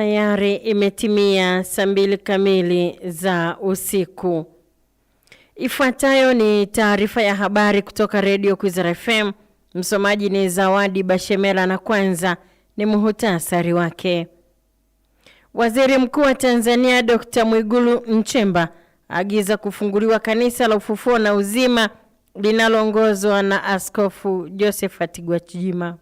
tayari imetimia saa mbili kamili za usiku. Ifuatayo ni taarifa ya habari kutoka Redio Kwizera FM. Msomaji ni Zawadi Bashemela na kwanza ni muhutasari wake. Waziri Mkuu wa Tanzania Dr. Mwigulu Nchemba agiza kufunguliwa kanisa la Ufufuo na Uzima linaloongozwa na Askofu Josephat Gwajima.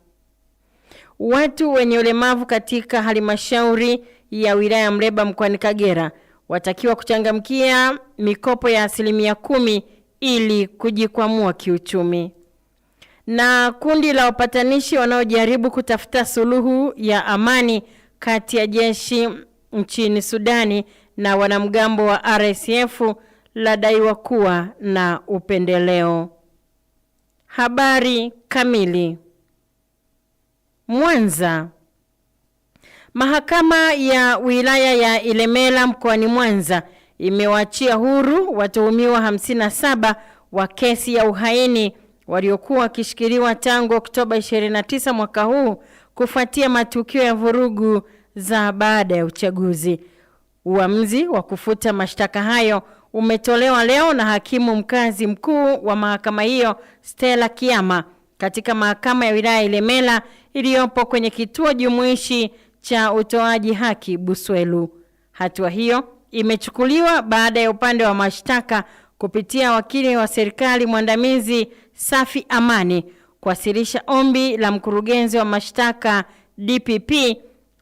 Watu wenye ulemavu katika halmashauri ya wilaya Mleba mkoani Kagera watakiwa kuchangamkia mikopo ya asilimia kumi ili kujikwamua kiuchumi. Na kundi la wapatanishi wanaojaribu kutafuta suluhu ya amani kati ya jeshi nchini Sudani na wanamgambo wa RSF ladaiwa kuwa na upendeleo. Habari kamili. Mwanza. Mahakama ya wilaya ya Ilemela mkoani Mwanza imewaachia huru watuhumiwa 57 wa kesi ya uhaini waliokuwa wakishikiliwa tangu Oktoba 29 mwaka huu kufuatia matukio ya vurugu za baada ya uchaguzi. Uamuzi wa kufuta mashtaka hayo umetolewa leo na hakimu mkazi mkuu wa mahakama hiyo Stella Kiama katika mahakama ya wilaya Ilemela iliyopo kwenye kituo jumuishi cha utoaji haki Buswelu. Hatua hiyo imechukuliwa baada ya upande wa mashtaka kupitia wakili wa serikali mwandamizi Safi Amani kuwasilisha ombi la mkurugenzi wa mashtaka DPP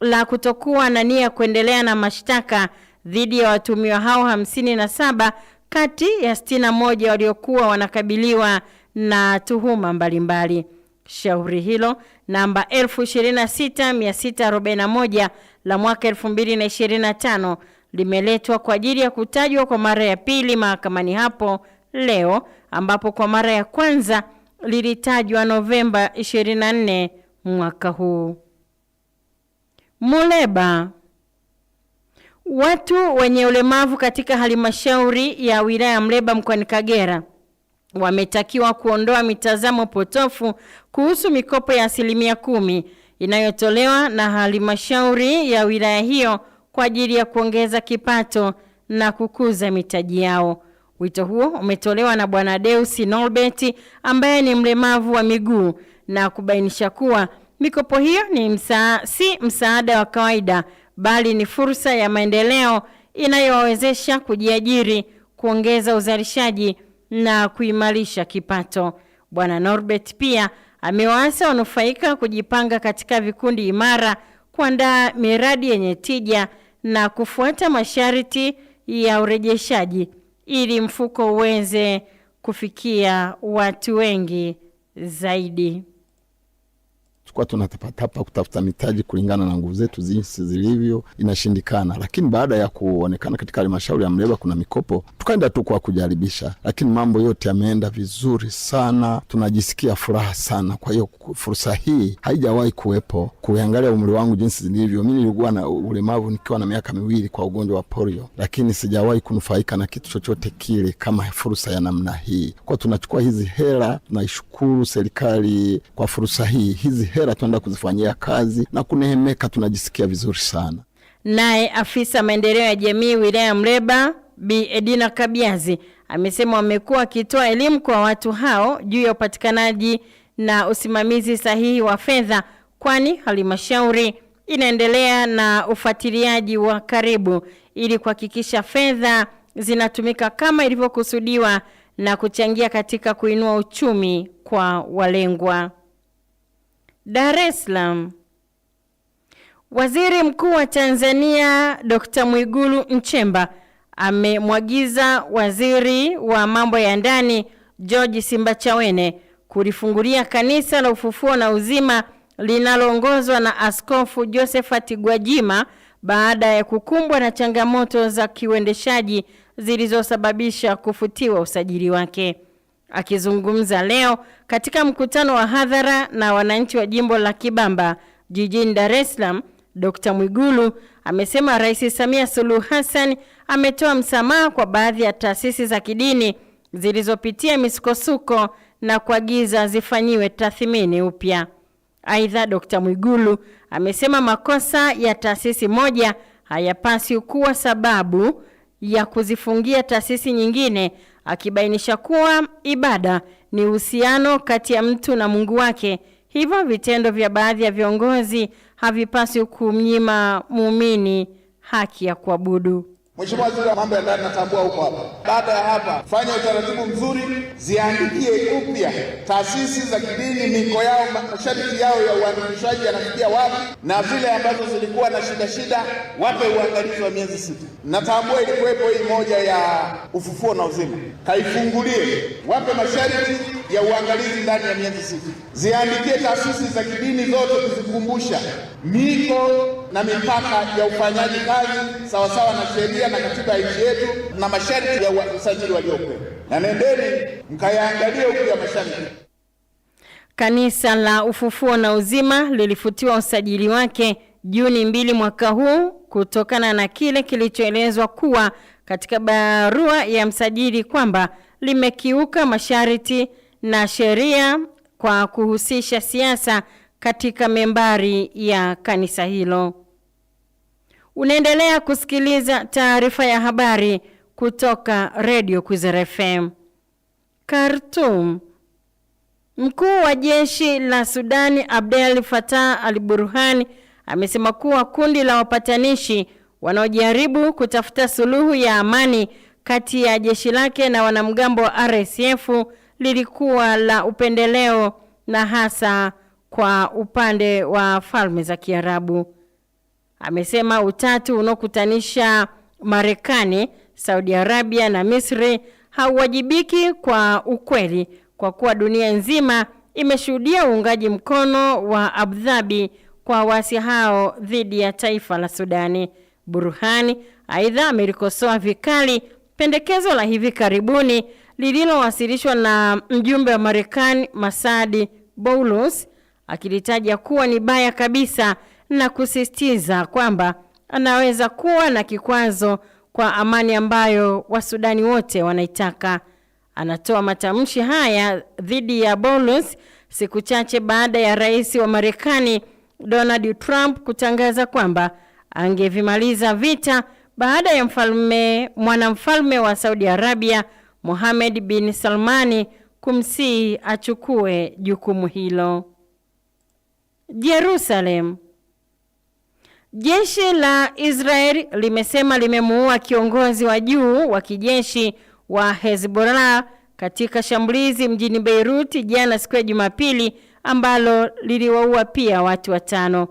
la kutokuwa na nia kuendelea na mashtaka dhidi ya watumiwa hao 57 kati ya 61 waliokuwa wanakabiliwa na tuhuma mbalimbali mbali. Shauri hilo namba 26641 la mwaka 2025 limeletwa kwa ajili ya kutajwa kwa mara ya pili mahakamani hapo leo, ambapo kwa mara ya kwanza lilitajwa Novemba 24 mwaka huu. Muleba. Watu wenye ulemavu katika halmashauri ya wilaya ya Muleba mkoani Kagera wametakiwa kuondoa mitazamo potofu kuhusu mikopo ya asilimia kumi inayotolewa na halmashauri ya wilaya hiyo kwa ajili ya kuongeza kipato na kukuza mitaji yao. Wito huo umetolewa na Bwana deusi Norbert ambaye ni mlemavu wa miguu na kubainisha kuwa mikopo hiyo ni msa, si msaada wa kawaida bali ni fursa ya maendeleo inayowawezesha kujiajiri, kuongeza uzalishaji na kuimarisha kipato. Bwana Norbert pia amewaasa wanufaika kujipanga katika vikundi imara, kuandaa miradi yenye tija na kufuata masharti ya urejeshaji ili mfuko uweze kufikia watu wengi zaidi tulikuwa tunatapatapa kutafuta mitaji kulingana na nguvu zetu jinsi zilivyo, inashindikana. Lakini baada ya kuonekana katika halmashauri ya Mleba kuna mikopo, tukaenda tu kwa kujaribisha, lakini mambo yote yameenda vizuri sana, tunajisikia furaha sana. Kwa hiyo fursa hii haijawahi kuwepo. Kuangalia umri wangu jinsi zilivyo, mi nilikuwa na ulemavu nikiwa na miaka miwili kwa ugonjwa wa polio, lakini sijawahi kunufaika na kitu chochote kile kama fursa ya namna hii. Kwa tunachukua hizi hela, tunaishukuru serikali kwa fursa hii hizi hela hela tuenda kuzifanyia kazi na kunehemeka, tunajisikia vizuri sana. Naye afisa maendeleo ya jamii wilaya mreba Bi Edina Kabiazi amesema wamekuwa wakitoa elimu kwa watu hao juu ya upatikanaji na usimamizi sahihi wa fedha, kwani halmashauri inaendelea na ufuatiliaji wa karibu ili kuhakikisha fedha zinatumika kama ilivyokusudiwa na kuchangia katika kuinua uchumi kwa walengwa. Dar es Salaam. Waziri Mkuu wa Tanzania Dr. Mwigulu Nchemba amemwagiza Waziri wa Mambo ya Ndani George Simbachawene kulifungulia Kanisa la Ufufuo na Uzima linaloongozwa na Askofu Josephat Gwajima baada ya kukumbwa na changamoto za kiuendeshaji zilizosababisha kufutiwa usajili wake. Akizungumza leo katika mkutano wa hadhara na wananchi wa jimbo la Kibamba jijini Dar es Salaam, Dkt. Mwigulu amesema Rais Samia Suluhu Hassan ametoa msamaha kwa baadhi ya taasisi za kidini zilizopitia misukosuko na kuagiza zifanyiwe tathmini upya. Aidha, Dkt. Mwigulu amesema makosa ya taasisi moja hayapasi kuwa sababu ya kuzifungia taasisi nyingine akibainisha kuwa ibada ni uhusiano kati ya mtu na Mungu wake, hivyo vitendo vya baadhi ya viongozi havipaswi kumnyima muumini haki ya kuabudu. Mheshimiwa Waziri wa Mambo ya Ndani, natambua huko hapa. Baada ya hapa, fanya utaratibu mzuri, ziandikie upya taasisi za kidini, miko yao, masharti yao ya uandikishaji yanafikia wapi, na zile ambazo zilikuwa na shida shida wape uangalizi wa miezi sita. Natambua ilikuwepo hii moja ya ufufuo na uzima, kaifungulie, wape masharti ya uangalizi ndani ya miezi sita. Ziandikie taasisi za kidini zote kuzikumbusha miko na mipaka ya ufanyaji kazi sawasawa na sheria na katiba ya nchi yetu na masharti ya usajili wa jopo, na nendeni mkayaangalie huku ya masharti. Kanisa la Ufufuo na Uzima lilifutiwa usajili wake Juni mbili mwaka huu kutokana na kile kilichoelezwa kuwa katika barua ya msajili kwamba limekiuka masharti na sheria kwa kuhusisha siasa katika membari ya kanisa hilo. Unaendelea kusikiliza taarifa ya habari kutoka Radio Kwizera FM. Khartoum. Mkuu wa jeshi la Sudani Abdel Fattah al-Burhan amesema kuwa kundi la wapatanishi wanaojaribu kutafuta suluhu ya amani kati ya jeshi lake na wanamgambo wa RSF lilikuwa la upendeleo na hasa kwa upande wa Falme za Kiarabu amesema utatu unaokutanisha Marekani, Saudi Arabia na Misri hauwajibiki kwa ukweli kwa kuwa dunia nzima imeshuhudia uungaji mkono wa Abu Dhabi kwa waasi hao dhidi ya taifa la Sudani. Burhani aidha amelikosoa vikali pendekezo la hivi karibuni lililowasilishwa na mjumbe wa Marekani Masadi Boulos akilitaja kuwa ni baya kabisa na kusisitiza kwamba anaweza kuwa na kikwazo kwa amani ambayo Wasudani wote wanaitaka. Anatoa matamshi haya dhidi ya bolos siku chache baada ya rais wa Marekani Donald Trump kutangaza kwamba angevimaliza vita baada ya mfalme mwanamfalme wa Saudi Arabia Mohammed bin Salmani kumsii achukue jukumu hilo. Jerusalem Jeshi la Israel limesema limemuua kiongozi wa juu wa kijeshi wa Hezbollah katika shambulizi mjini Beirut jana siku ya Jumapili ambalo liliwaua pia watu watano.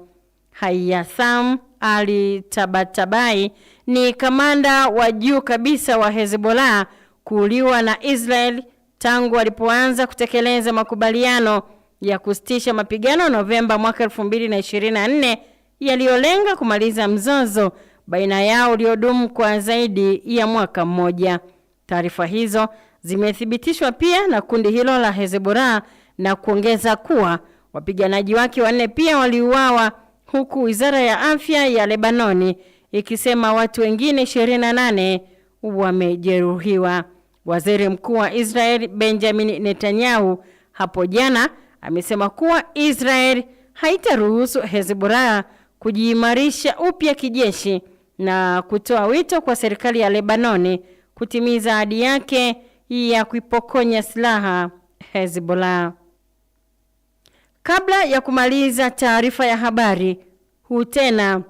Hayatham Ali Tabatabai ni kamanda wa juu kabisa wa Hezbollah kuuliwa na Israel tangu walipoanza kutekeleza makubaliano ya kusitisha mapigano Novemba mwaka 2024 yaliyolenga kumaliza mzozo baina yao uliodumu kwa zaidi ya mwaka mmoja. Taarifa hizo zimethibitishwa pia na kundi hilo la Hezbollah na kuongeza kuwa wapiganaji wake wanne pia waliuawa, huku Wizara ya Afya ya Lebanoni ikisema watu wengine 28 wamejeruhiwa. Waziri Mkuu wa Israel Benjamin Netanyahu hapo jana amesema kuwa Israel haitaruhusu Hezbollah kujiimarisha upya kijeshi na kutoa wito kwa serikali ya Lebanoni kutimiza ahadi yake ya kuipokonya silaha Hezbollah. Kabla ya kumaliza taarifa ya habari, huu tena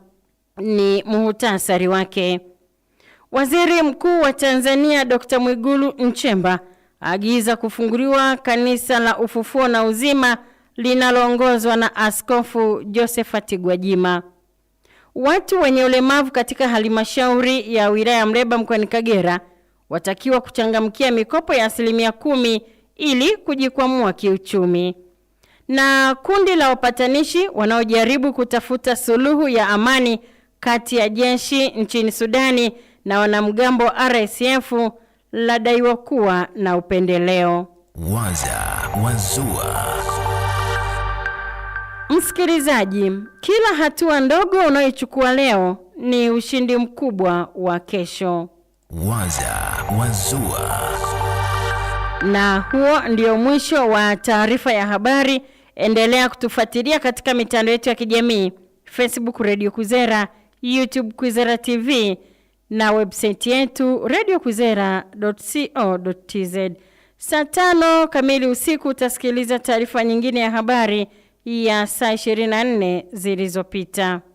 ni muhtasari wake. Waziri Mkuu wa Tanzania Dr. Mwigulu Nchemba aagiza kufunguliwa kanisa la Ufufuo na Uzima linaloongozwa na Askofu Josephat Gwajima. Watu wenye ulemavu katika halmashauri ya wilaya ya Mleba mkoani Kagera watakiwa kuchangamkia mikopo ya asilimia kumi ili kujikwamua kiuchumi. Na kundi la wapatanishi wanaojaribu kutafuta suluhu ya amani kati ya jeshi nchini Sudani na wanamgambo RSF ladaiwa kuwa na upendeleo. Waza Wazua. Msikilizaji, kila hatua ndogo unayochukua leo ni ushindi mkubwa wa kesho. Waza Wazua. Na huo ndio mwisho wa taarifa ya habari. Endelea kutufuatilia katika mitandao yetu ya kijamii Facebook Radio Kwizera, YouTube Kwizera TV na website yetu radiokwizera.co.tz. Saa tano kamili usiku utasikiliza taarifa nyingine ya habari ya saa 24 zilizopita.